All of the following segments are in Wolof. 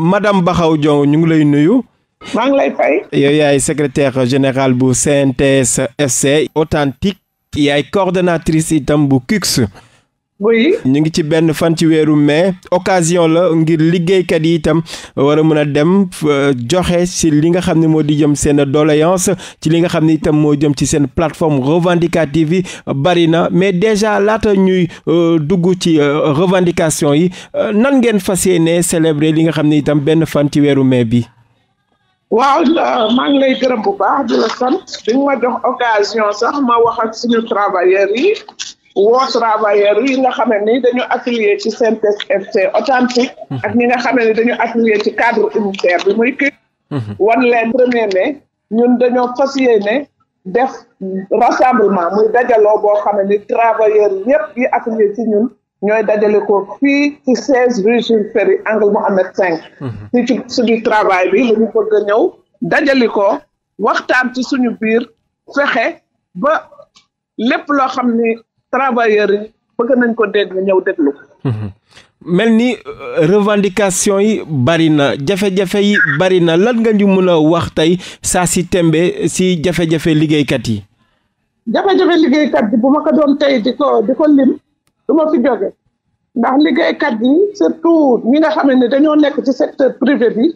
madam baxaw Diong ñu ngi lay nuyu. maa ngi lay fay. yow yaay secrétaire général bu CNTS FC authentique yaay coordonnatrice itam bu CUCS. oui ñu ngi ci benn fan ci weeru mais occasion la ngir liggéeykat yi itam wara mën a dem euh, joxe si li nga xam ne moo di jëm seen doléance ci li nga xam ni itam moo jëm ci seen plateforme revendicative yi bari na mais déjà laata ñuy euh, dugg ci euh, revendication yi nan ngeen fas yéene célébrer li nga xam ni itam benn fan ci weeru mais bi. waaw maa ngi lay gërëm bu baax di la sant di ma jox occasion sax ma wax suñu travailleurs yi. woo travailleurs yi nga xam ni dañu affilié ci CNTS FC authentique mhm. ak ñi nga xam ne dañu affilié ci cadre unitaire bi muy kii mhm. wan leen premier ne ñun dañoo fas ne def rassemblement muy dajaloo boo xam ni travailleurs yépp yi affilié ci ñun ñooy dajale ko fii ci seize rue Jules Ferry angle Mohamed cinq mhm. ci ci suñu travail bi la ñu ñëw dajale ko waxtaan ci suñu biir fexe ba lépp loo xam ni travailleurs yi bëgg nañ ko dégg ñëw déglu mel ni euh, revendication yi bari na jafe-jafe yi bari na lan nga ñu mën a wax tey saa si tembe si jafe-jafe liggéeykat yi jafe-jafe liggéeykat yi bu ma ko doon tey di ko di ko lim du ma fi jóge ndax liggéeykat yi surtout ñi nga xam ne dañoo nekk ci secteur privé bi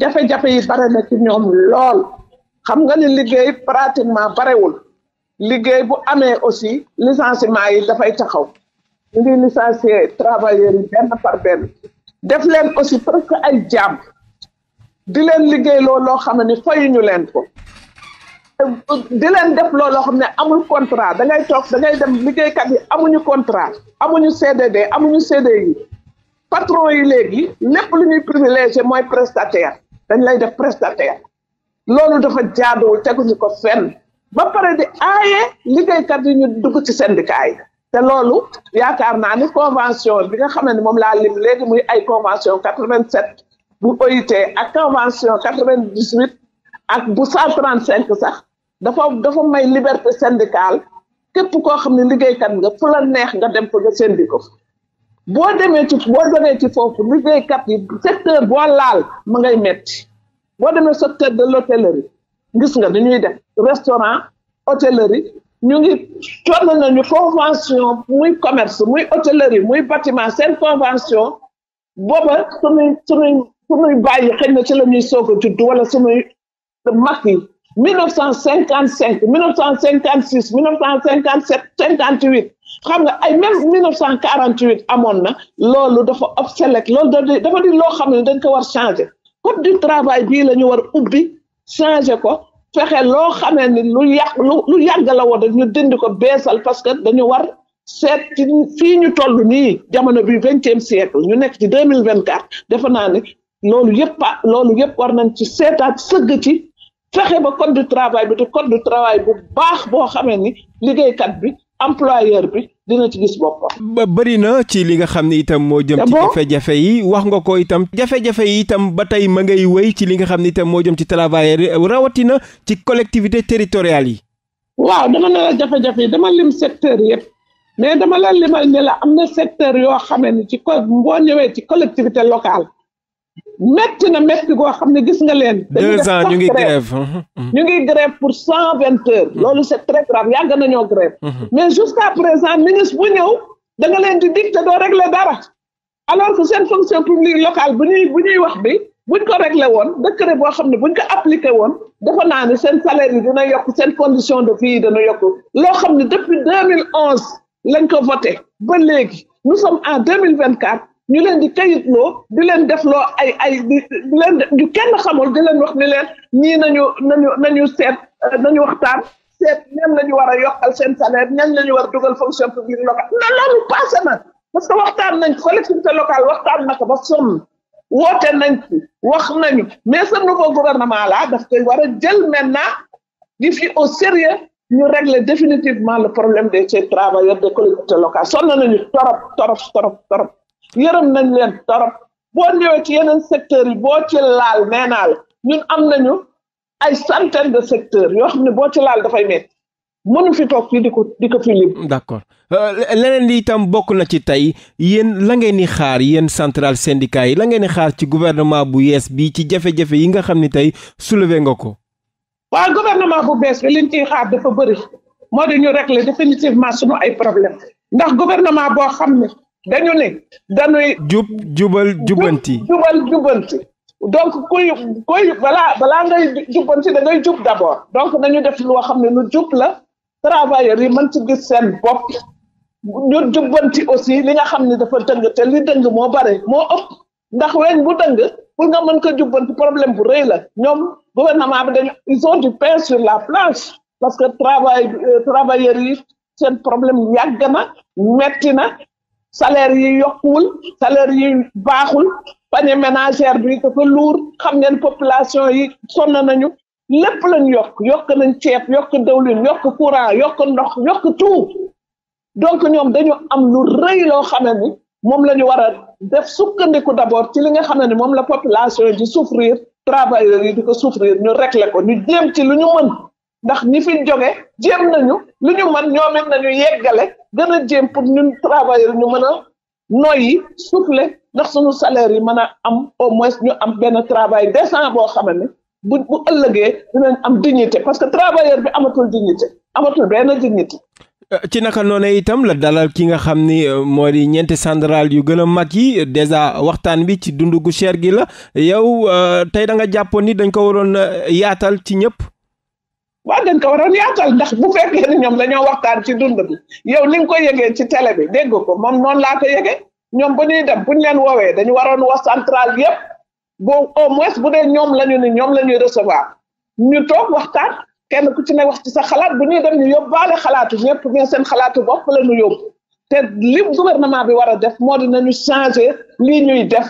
jafe-jafe yi bare na ci ñoom lool xam nga ni liggéey pratiquement barewul liggéey bu amee aussi licenciement yi dafay taxaw ñu ngi licencier travailleurs yi benn par benn def leen aussi presque ay jaam di leen liggéey loolu loo xam ne ni fayuñu leen ko di leen def loolu loo xam ne amul contrat da ngay toog da ngay dem liggéeykat yi amuñu contrat amuñu CDD amuñu yi patron yi léegi lépp lu ñuy privilégié mooy prestataire dañ lay def prestataire loolu dafa jaaduwul teguñu ko fenn ba pare di aaye liggéeykat yi ñu dugg ci syndicat yi te loolu yaakaar naa ni convention bi nga xam ne moom laa lim léegi muy ay convention quatre vingt sept bu OIT ak convention quatre vingt dix huit ak bu cent trente cinq sax dafa dafa may liberté syndicale képp koo xam ne liggéeykat nga fu la neex nga dem fa nga syndico boo demee ci boo demee ci foofu liggéeykat yi secteur boo laal ma ngay metti boo demee secteur de l'hôtellerie gis nga dañuy dem restaurant hôtellerie ñu ngi na ñu convention muy commerce muy hôtellerie muy bâtiment seen convention booba suñuy suñuy suñuy bàyyi xëy na ci la ñuy soog a judd wala suñuy mag yi mille neuf cent cinquante cinq mille neuf cent cinquante six mille neuf cent cinquante sept cinquante huit xam nga ay même mille neuf cent quarante huit amoon na loolu dafa obsolète loolu dafa dafa di loo xam ne dañ ko war changé code du travail bii la ñu war ubbi changé ko fexe loo xamee ni lu yàq lu lu yàgg la woon rek ñu dindi ko beesal parce que dañu war seet ci fii ñu toll nii jamono bi vingtième siècle ñu nekk ci deux mille vingt quatre defe naa ne loolu yëpp loolu yëpp war nañ ci seetaat sëgg ci fexe ba code du travail bi te code du travail bu baax boo xamee ni liggéeykat bi employeur bi dina ci gis boppam. ba bëri na ci li nga xam ni itam moo jëm ci jafe-jafe yi wax nga ko itam jafe-jafe yi itam ba tey ma ngay wéy ci li nga xam ni itam moo jëm ci travailleurs rawatina ci collectivité territoriale yi. waaw dama ne la jafe-jafe yi dama lim secteur yëpp mais dama la limal ne la am na secteur yoo xam ne ci ko boo ci collectivité locale. metti na metti goo xam ne gis nga leen. deux ñu ngi grève ñu ngi grève pour cent vingt heures. loolu c'est très grave yàgg nañoo grève. mais jusqu'à présent ministre bu ñëw da nga leen di dicté doo régler dara alors ko seen fonction publique locale bu ñuy bu ñuy wax bi buñ ko réglé woon décret boo xam ne buñ ko appliqué woon dafa naa ne seen salaire yi dina yokk seen condition de vie yi dina yokk loo xam ne depuis lañ ko voté ba léegi nous sommes en deux mille vingt quatre. ñu leen di kayitloo di leen def loo ay ay di leen di kenn xamul di leen wax ni leen ñii nañu nañu nañu seet euh, nañu waxtaan seet ñan la ñu war a yokkal seen salaire ñan la ñu war a dugal fonction publique locale na loolu passé na parce que waxtaan nañ collectivité locale waxtaan na ko ba sonn woote nañ ci wax nañu mais ce nouveau gouvernement là daf koy war a jël maintenant di fi au sérieux ñu régler définitivement le problème de ces travailleurs des collectivités locales sonn nañu torop torop torop torop yërëm nañ leen torop boo ñëwee ci yeneen secteurs yi boo ci laal nee naa la ñun am nañu ay centaine de secteurs yoo xam ne boo ci laal dafay metti mënu fi toog fii di ko di ko fi lim. d'accord euh, leneen li itam bokk na ci tey yéen la ngeen di xaar yéen central syndicat yi la ngeen di xaar ci gouvernement bu yees bi ci jafe-jafe yi nga xam ni tey soulevé nga ko. waa gouvernement bu bees bi liñ ciy xaar dafa bëri moo di ñu régler définitivement sunu ay problème ndax gouvernement boo xam ne dañu ne dañuy. jub jubal jubanti jubal jubanti donc kuy kuy balaa balaa ngay jubanti da ngay jub d'abord donc nañu def loo xam ne lu jub la travailleurs yi mën ci gis seen bopp ñu jubanti aussi li nga xam ne dafa dëng te li dëng moo bare moo ëpp ndax weñ bu dëng pour nga mën ko jubbanti problème bu rëy la ñoom gouvernement bi dañu ils ont du pain sur la planche parce que travail euh, travailleurs yi seen problème yàgg na metti na salaire yi yokkuwul salaire yi baaxul panier ménagère bi dafa luur xam ngeen population yi sonn nañu lépp lañ yokk yokk nañ ceeb yokk dawlin yokk courant yokk ndox yokk tout donc ñoom dañu am lu rëy loo xam ne ni moom la ñu war a def sukkandiku d'abord ci li nga xam ne ni moom la population yi di souffrir travailleurs yi di ko souffrir ñu régler ko ñu jéem ci lu ñu mën ndax ñi fi jóge jéem nañu lu ñu mën ñoom it nañu yeggale gën a jéem pour ñun travailleurs ñu mën a noyyi souffler ndax suñu salaire yi mën a am au moins ñu am benn travail décent boo xam ne bu bu ëllëgee dinañ am dignité parce que travailleur bi amatul dignité amatul benn dignité. Euh, ci naka noone itam la dalal ki nga xam ni euh, moo di ñeenti centrale yu gën a mag yi dèjà waxtaan bi ci dundu gu cher gi la yow euh, tey da nga jàppoon ni dañ ko waroon yaatal ci ñëpp. waaw dañ ko waroon yaatal ndax bu fekkee ne ñoom dañoo waxtaan ci dund bi yow ni nga ko yëgee ci télé bi dégg ko moom noonu laa ko yëgee ñoom ba ñuy dem bu ñu leen woowee dañu waroon wax centrale yëpp bo au moins bu dee ñoom la ñu ni ñoom la ñuy recevoir ñu toog waxtaan kenn ku ci ne wax ci sa xalaat bu ñuy dem ñu yóbbaale xalaatu ñëpp mais seen xalaatu bopp la ñu yóbbu te li gouvernement bi war a def moo di ñu changer lii ñuy def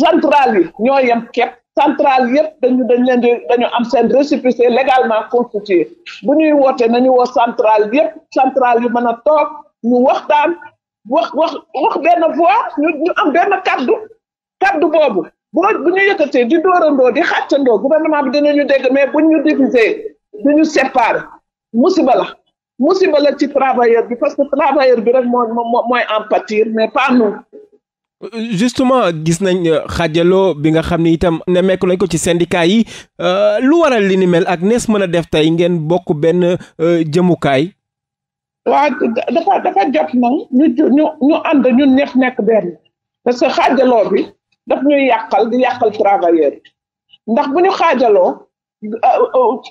centrale yi ñoo yem képp central yëpp dañu leen di dañu am seen récépissé légalement constitué bu ñuy woote nañu woo central yëpp central yu mën a toog ñu waxtaan wax wax wax benn voix ñu ñu am benn kaddu kaddu boobu boo bu ñu yëkkatee di dóorandoo di xàccandoo gouvernement bi ñu degg mais bu ñu divisé di ñu séparé musiba la musiba la ci travailleur bi parce que travailleur bi rek moo mooy en pâtir mais pas nous justement gis nañ xaajaloo euh, bi nga xam ni itam nemmeeku nañ ko ci syndicat yi euh, lu waral li ni mel ak nees mën a def tey ngeen bokk benn euh, jëmukaay. waaw dafa dafa jot nag ñu ñu ñu ànd ñun ñëpp nekk benn parce que xaajaloo bi daf ñuy yàqal di yàqal travailleur ndax bu ñu xaajaloo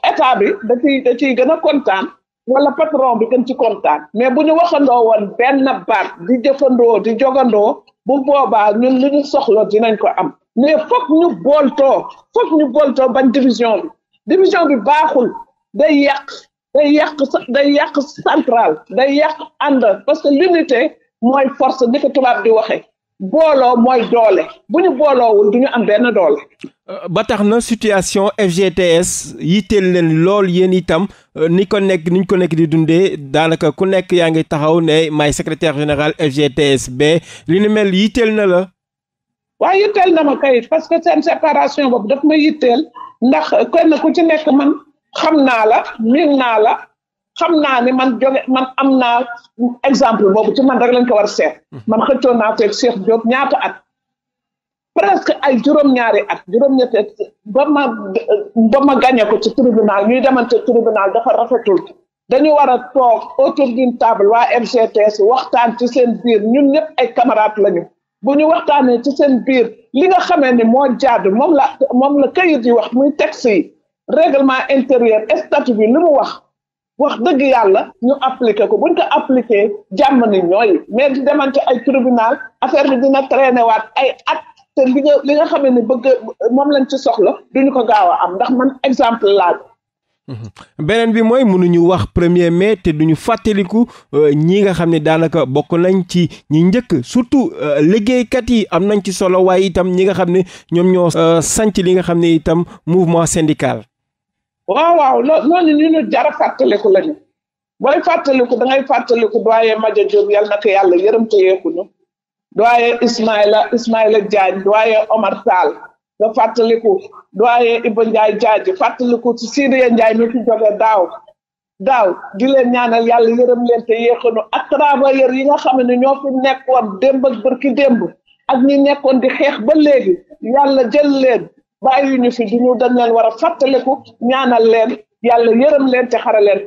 état bi da ciy da gën a kontaan wala patron bi gën ci kontaan mais bu ñu waxandoo woon benn baat di jëfandoo di jogandoo. bu boobaa ñun li ñu soxla dinañ ko am mais foog ñu booltoo foog ñu booltoo bañ division bi division bi baaxul day yàq day yàq day yàq central day yàq ànd parce que l'unité mooy force ni ko tubaab di waxee booloo mooy doole bu ñu booloowul du ñu am benn doole. Euh, ba tax na situation FGTS yitteel leen lool yéen itam euh, ni ko nekk ni ko nekk di dundee daanaka ku nekk yaa ngi taxaw nee maay secrétaire général FGTS ba li ni mel yitteel na la. waaye yitteel na ma kayit parce que seen séparation boobu daf ma yitteel ndax kenn ku ci nekk man xam naa la miin naa la xam naa ne man jóge man am naa exemple boobu ci man rek lañ ko war a seet mhm. man xëccoo naa feeg Cheikh Diop ñaata at presque ay juróom-ñaari at juróom-ñetti at ma ba ko ci tribunal ñuy demante tribunal dafa rafetul dañu war a toog autour d'une table waa si waxtaan ci seen biir ñun ñett ay camarades lañu bu ñu waxtaanee ci seen biir li nga xamee ni moo jaadu moom la moom la kayit yi wax muy texte yi réglement intérieur statut bi li mu wax wax dëgg yàlla ñu appliqué ko buñ ko appliqué jàmm ni ñooy mais di demante ay tribunal affaire bi dina traîner waat ay at te li nga li nga xam ne bëgg moom lañ ci soxla duñu ko gaaw a am ndax man exemple laa mhm. beneen bi mooy mënuñu wax premier mais te duñu fàttaliku euh, ñi nga xam ne daanaka bokk nañ ci ñi njëkk surtout euh, liggéeykat yi am nañ ci solo waaye itam ñi nga xam ni ñoom ñoo euh, sanc li nga xam ni itam mouvement syndical waaw waaw loolu ñu ñu jar a fàttaliku lañu booy fàttaliku da ngay fàttaliku doyen Maja Diop yal na ko yàlla yërëm te yeekuñu doyen Ismaïla Ismaïla Diagne doyen Omar Tall nga fàttaliku doyen Iba Ndiaye Diagne fàttaliku ci Sidiya Ndiaye mi fi jóge daaw daaw di leen ñaanal yàlla yërëm leen te yeekuñu ak travailleurs yi nga xam ne ñoo fi nekkoon démb ak barki démb ak ñi nekkoon di xeex ba léegi yàlla jël leen. bàyyi ñu fi di ñu dañ leen war a fàttaliku ñaanal leen yàlla yërëm leen te xara leen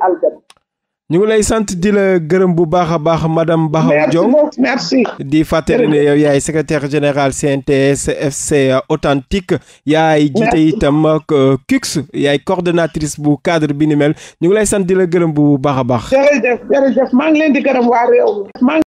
ñu ngi lay sant di la gërëm bu baax a baax madame Bakhaw Diong merci di fàttali ne yow yay secretaire général CNTS FC authentique yaay jiite itam euh, CUCS yaay coordonnatrice bu cadre bi ni mel ñu ngi lay sant di la gërëm bu baax a baax ngi leen di